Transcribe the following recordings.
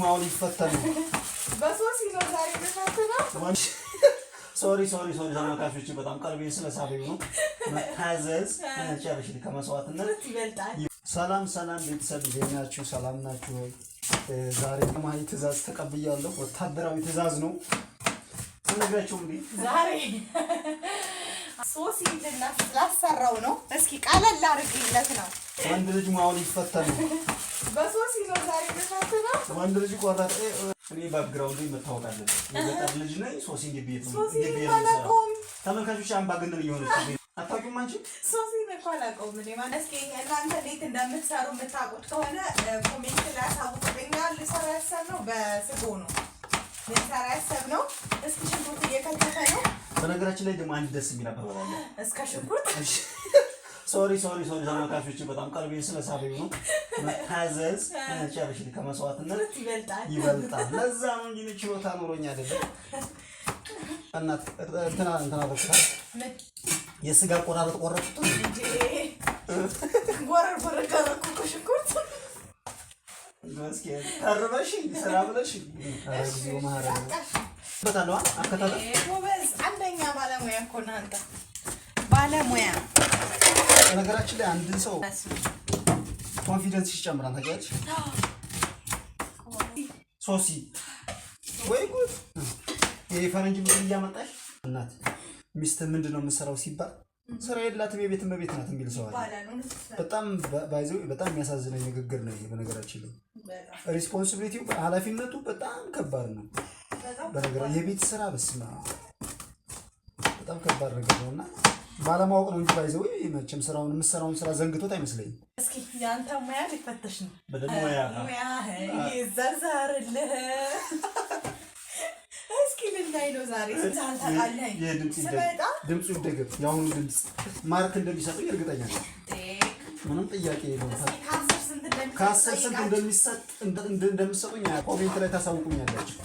ማሁን ይፈተን ነው። በሶስት ሶሪ ሶሪ ሶሪ ተመልካቾች፣ በጣም ቀልቤን ስለሳበኝ ነው። መታዘዝ ጨርሽ ከመስዋዕትነት ይበልጣል። ሰላም ሰላም ቤተሰብ፣ እንዴት ናችሁ? ሰላም ናችሁ ወይ? ዛሬ ማይ ትእዛዝ ተቀብያለሁ። ወታደራዊ ትእዛዝ ነው። ትነግራችሁ እንዴ ዛሬ ሶሲ ላሰራው ነው። እስኪ ቀለል አድርጌለት ነው። ወንድ ልጅ ማውል ይፈተን ነው። በሶሲ ነው ዛሬ የምፈትነው። ወንድ ልጅ ቆረጠ። እኔ ባክግራውንድ መታወቅ አለበት። የገጠር ልጅ ነኝ። ሶሲ እንደ ቤት ነው። ተመልካቾች አምባገነን እየሆነች አታውቂውም አንቺ። ሶሲ አላውቀውም እኔ ማለት እስኪ እናንተ እንዴት እንደምትሰሩ የምታውቁት ከሆነ ኮሜንት ላይ አሳውቁልኝ። ልሰራ ያሰብነው በስጎ ነው ልንሰራ ያሰብነው። እስኪ ሽንኩርት እየከተፈ ነው በነገራችን ላይ ደግሞ አንድ ደስ የሚል አባባል አለ። እስከ ሽንኩርት ሶሪ ሶሪ ሶሪ ተመልካቾች በጣም ቀልቤን ስለሳበኝ ነው። መታዘዝ ጨርሽ ከመስዋዕትነት ይበልጣል። ለዛ ነው እንጂ ችሎታ ኖሮኝ አይደለም። እናት እንትና እንትና በቃ የስጋ ቆዳ ቆረጥኩት እንጂ ጎረር ጎረር ጋረኩ ከሽንኩርት እስኪ ተርበሽ ስራ ብለሽ ኧረ አንደኛ ባለሙያ እኮ ነህ አንተ ባለሙያ። በነገራችን ላይ አንድን ሰው ኮንፊደንስ ይጨምራል። ታውቂያለሽ ሶሲ? ወይ ጉድ! ይሄ ፈረንጅ ምግብ እያመጣሽ እናት ሚስት ምንድን ነው የምትሰራው ሲባል ስራ የላትም የቤት እመቤት ናት የሚል ሰው አለ። በጣም ባይዘው በጣም የሚያሳዝነኝ ንግግር ነው። በነገራችን ላይ ሪስፖንሲቢሊቲው ኃላፊነቱ በጣም ከባድ ነው። በነገራ የቤት ስራ በስማ በጣም ከባድ ነገር ነው እና ባለማወቅ ነው እንጂ ባይዘው መቼም ስራውን የምሰራውን ስራ ዘንግቶት አይመስለኝም። እስኪ የአንተ ሙያ ሊፈተሽ ነው። ሙያ ይዘርዘርልህ እስኪ ልናይ ነው ዛሬ። ድምፁ ይደገብ። የአሁኑ ድምፅ ማርክ እንደሚሰጡ እርግጠኛ ነው። ምንም ጥያቄ የለውም። ከአስር ስንት እንደሚሰጥ እንደምሰጡኝ ኮሜንት ላይ ታሳውቁኛላችሁ።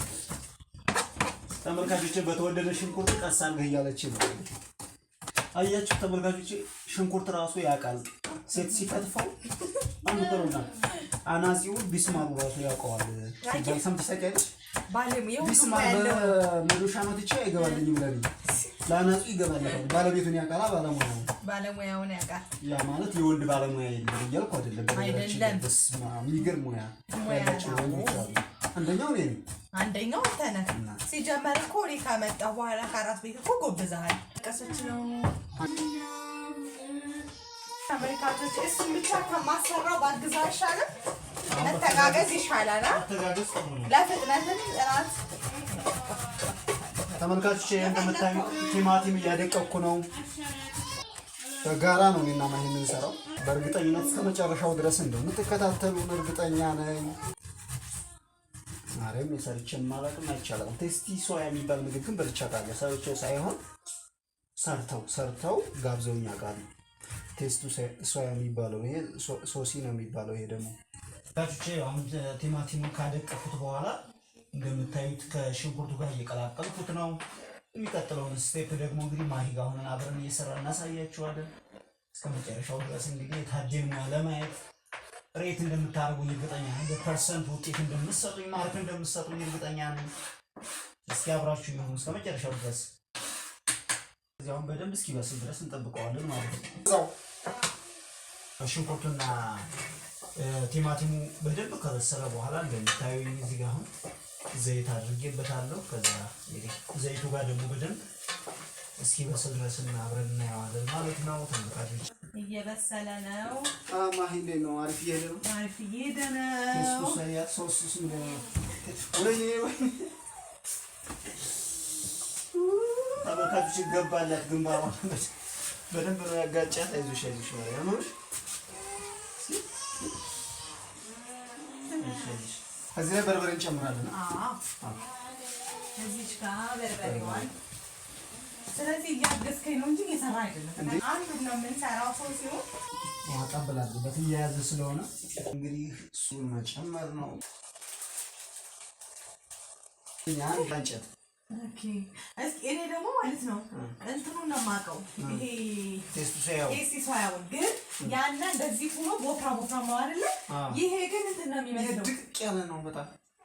ተመልካቾች በተወደደ ሽንኩርት ቀስ አድርገህ እያለች ነው። አያችሁ ተመልካቾች፣ ሽንኩርት ራሱ ያውቃል። ሴት ሲከትፈው አንተሩና አናጺው ቢስማሩ ራሱ ያውቀዋል። ገልሰም ተሰቀልሽ ቢስማር ነው መትቼ አይገባልኝም ለኔ ለአናጺው ይገባል። ባለቤቱን ያውቃላ፣ ባለሙያ ነው ባለሙያውን ያውቃል። ያ ማለት የወንድ ባለሙያ የለም እያልኩ አይደለም። በነገራችን ላይ በስመ የሚገርም ሙያ ያላቸው ወንዶች አሉ። አንደኛው እኔ ነኝ። አንደኛው አንተ ነህ። ሲጀመር እኮ እኔ ከመጣሁ በኋላ ከአራት ቤት እኮ ጎብዘሃል። ቀሰች ነው ተመልካቾች፣ እሱን ብቻ ከማሰራው ባግዛ አይሻልም? መተጋገዝ ይሻላል። ለፍጥነትም ጥራት ተመልካቾች፣ እንደምታዩት ቲማቲም እያደቀኩ ነው። በጋራ ነው እኔና ማሂ የምንሰራው። በእርግጠኝነት እስከ መጨረሻው ድረስ እንደምትከታተሉን እርግጠኛ ነኝ። ማርያም የሰርቼ የማላውቅም አይቻልም። ቴስቲ ሶያ የሚባል ምግብ ግን በልቻታለሁ። ሰርቼው ሳይሆን ሰርተው ሰርተው ጋብዘውኝ ያውቃሉ። ቴስቱ ሶያ የሚባለው ይሄ ሶሲ ነው የሚባለው። ይሄ ደግሞ ታችቼ አሁን ቲማቲሙን ካደቀፉት በኋላ እንደምታዩት ከሽንኩርቱ ጋር እየቀላቀልኩት ነው። የሚቀጥለውን ስቴፕ ደግሞ እንግዲህ ማሂጋ አሁንን አብረን እየሰራ እናሳያችኋለን። እስከ መጨረሻው ድረስ እንግዲህ የታደን ለማየት ሬት እንደምታደርጉኝ እርግጠኛ ነኝ። በፐርሰንት ውጤት እንደምትሰጡኝ ማርክ እንደምትሰጡኝ እርግጠኛ ነኝ። እስኪ አብራችሁ ይሁን እስከ መጨረሻው ድረስ። እዚያውን በደንብ እስኪበስል ድረስ እንጠብቀዋለን ማለት ነው። ሽንኩርቱና ቲማቲሙ በደንብ ከበሰለ በኋላ እንደምታዩ እዚህ ጋር አሁን ዘይት አድርጌበታለሁ። ከዛ እንግዲህ ዘይቱ ጋር ደግሞ በደንብ እስኪበስል ድረስ እና አብረን እናየዋለን ማለት ነው ተመልካቾች هي بس لنا اه ما هي لنا عارف هي لنا عارف هي لنا خصوصيات صوص لنا وين وين ተመልካቾች ይገባላት ግንባሯ በደንብ ነው ያጋጫት። አይዞሽ አይዞሽ ማርያምሽ እዚህ ላይ በርበሬ እንጨምራለን። እዚች ጋ በርበሬዋን ስለዚህ እያገዝከኝ ነው እንጂ እየሰራ አይደለም። አንዱ ነው የምንሰራው ሰው ሲሆን ማቀበላበት እየያዘ ስለሆነ እንግዲህ እሱን መጨመር ነው። እንጨት እኔ ደግሞ ማለት ነው እንትኑን ነው የማውቀው። ይሄ ግን ያና እንደዚህ ሆኖ ቦፍራ ቦፍራ ማዋልለ ይሄ ግን እንትን ነው የሚመስለው ድቅቅ ያለ ነው በጣም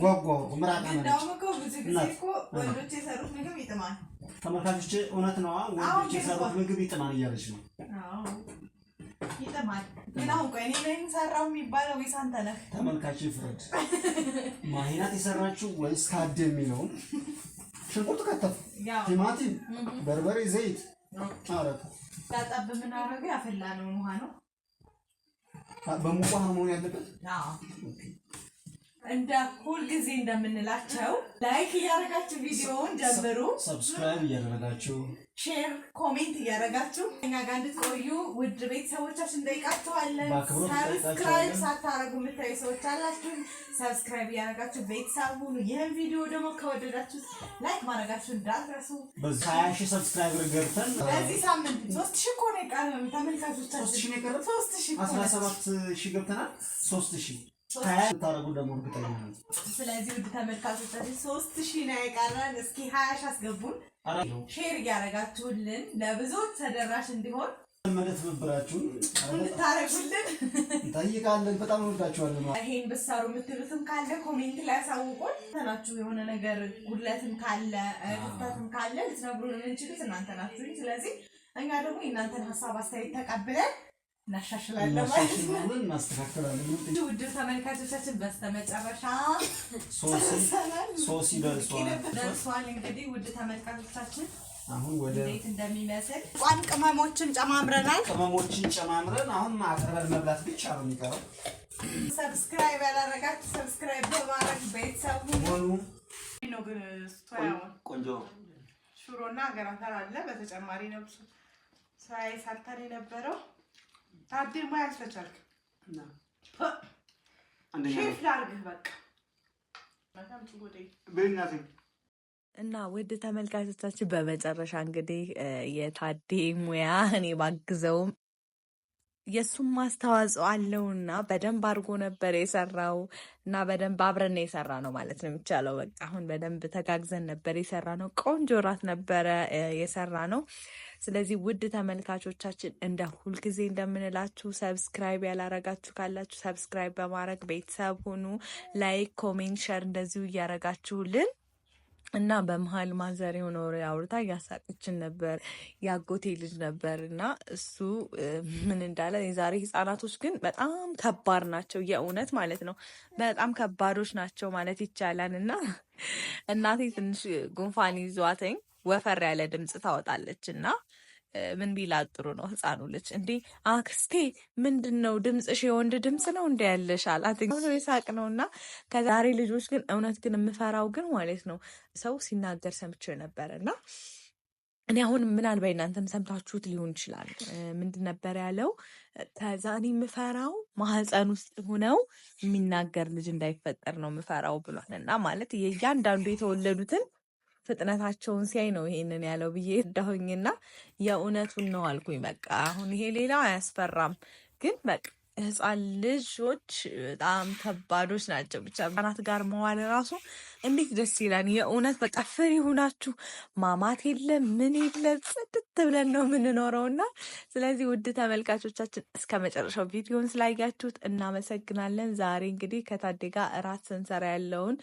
ጎጎ ምራቃ ወንዶች የሰሩት ምግብ ይጥማል። ተመልካቾች እውነት ነው ወንዶች የሰሩት ምግብ ይጥማል እያለች ነው። ይጥማል ግን አሁን ቆይ እኔ ነኝ ሰራው የሚባለው ወይስ አንተ ነህ? ተመልካች ፍረድ። ማሂናት የሰራችው ወይስ ታድ የሚለውም ሽንኩርት ከተፉ፣ ቲማቲም፣ በርበሬ፣ ዘይት አረፈ ጣጣብ የምናደርገው ያፈላነውን ውሃ ነው። በሙቅ ውሃ መሆን ያለበት እንደ ሁል ጊዜ እንደምንላቸው ላይክ እያደረጋችሁ ቪዲዮውን ጀምሩ። ሰብስክራይብ እያደረጋችሁ ሼር፣ ኮሜንት እያደረጋችሁ እኛ ጋር እንድትቆዩ ውድ ቤተሰቦቻችን እንጠይቃችኋለን። ሰብስክራይብ ሳታረጉ የምታዩ ሰዎች አላችሁ። ሰብስክራይብ እያደረጋችሁ ቤተሰብ ሁኑ። ይህን ቪዲዮ ደግሞ ከወደዳችሁት ላይክ ማድረጋችሁ እንዳትረሱ። ሀያ ሺህ ሰብስክራይበር ገብተን በዚህ ሳምንት ሶስት ሺህ እኮ ነው የቀረን ተመልካቾቻችን፣ ሶስት ሺህ ገብተናል። ሶስት ሺህ ታረጉን ደግሞ እርግጠኛ ስለዚህ ውድ ተመልካቾቻችን ሶስት ሺህ ነው የቀረን። እስኪ ሀያ ሺህ አስገቡን፣ ሼር እያደረጋችሁልን ለብዙዎች ተደራሽ እንዲሆን መደ ትብብራችሁን እንድታረጉልን እንጠይቃለን። በጣም እንወዳችኋለን። ይሄን ብትሰሩ የምትሉትም ካለ ኮሜንት ላይ አሳውቁን። ተናችሁ የሆነ ነገር ጉድለትም ካለ ክፍተትም ካለ ልትነግሩን የምንችሉት እናንተ ናችሁ። ስለዚህ እኛ ደግሞ የእናንተን ሀሳብ አስተያየት ተቀብለን እናሻሽላለን ማለት ነው። እናስተካክላለን። ውድ ተመልካቾቻችን በስተመጨረሻ ሶሲ ደርሷል። እንግዲህ ውድ ተመልካቾቻችን አሁን ወደ ቤት እንደሚመስል ቋን ቅመሞችን ጨማምረናል። ቅመሞችን ጨማምረን አሁን ማቅረብ መብላት ብቻ ነው የሚቀረው። ሰብስክራይብ ያላረጋችሁ ሰብስክራይብ በማድረግ ቤተሰቡ ሆኑ። ቆንጆ ሽሮና አገራተር አለ። በተጨማሪ ነው ስራዬ ሰርተን የነበረው ሙያ ያስፈቻልክ ሼፍ ላርግህ በቃ እና ውድ ተመልካቾቻችን በመጨረሻ እንግዲህ የታዴ ሙያ እኔ ባግዘውም የእሱም አስተዋጽኦ አለውና በደንብ አድርጎ ነበር የሰራው እና በደንብ አብረን የሰራ ነው ማለት ነው የሚቻለው። በቃ አሁን በደንብ ተጋግዘን ነበር የሰራ ነው። ቆንጆ ራት ነበረ የሰራ ነው። ስለዚህ ውድ ተመልካቾቻችን እንደ ሁልጊዜ እንደምንላችሁ ሰብስክራይብ ያላረጋችሁ ካላችሁ ሰብስክራይብ በማድረግ ቤተሰብ ሁኑ። ላይክ፣ ኮሜንት፣ ሸር እንደዚሁ እያረጋችሁልን እና በመሀል ማዘር የሆነ አውርታ እያሳቀችን ነበር። ያጎቴ ልጅ ነበር እና እሱ ምን እንዳለ የዛሬ ህጻናቶች ግን በጣም ከባድ ናቸው፣ የእውነት ማለት ነው። በጣም ከባዶች ናቸው ማለት ይቻላል። እና እናቴ ትንሽ ጉንፋን ይዟትኝ ወፈር ያለ ድምፅ ታወጣለች እና ምን ቢላ ጥሩ ነው? ህፃኑ ልጅ እንዴ አክስቴ ምንድን ነው ድምፅሽ የወንድ ድምፅ ነው እንደ ያለሻል የሳቅ ነው። እና ከዛሬ ልጆች ግን እውነት ግን የምፈራው ግን ማለት ነው ሰው ሲናገር ሰምቼ ነበር እና እኔ አሁን ምናልባት እናንተም ሰምታችሁት ሊሆን ይችላል። ምንድን ነበር ያለው? ከዛ እኔ የምፈራው ማህፀን ውስጥ ሆነው የሚናገር ልጅ እንዳይፈጠር ነው የምፈራው ብሏል። እና ማለት የእያንዳንዱ የተወለዱትን ፍጥነታቸውን ሲያይ ነው ይሄንን ያለው ብዬ እዳሁኝና የእውነቱን ነው አልኩኝ። በቃ አሁን ይሄ ሌላው አያስፈራም ግን በቃ ህፃን ልጆች በጣም ከባዶች ናቸው። ብቻ ህፃናት ጋር መዋል ራሱ እንዴት ደስ ይላል! የእውነት በቃ ፍሪ ሁናችሁ ማማት የለ ምን የለ ጽድት ብለን ነው የምንኖረው እና ስለዚህ ውድ ተመልካቾቻችን እስከ መጨረሻው ቪዲዮን ስላያችሁት እናመሰግናለን። ዛሬ እንግዲህ ከታዴ ጋር እራት ስንሰራ ያለውን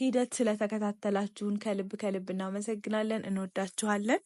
ሂደት ስለተከታተላችሁን ከልብ ከልብ እናመሰግናለን። እንወዳችኋለን።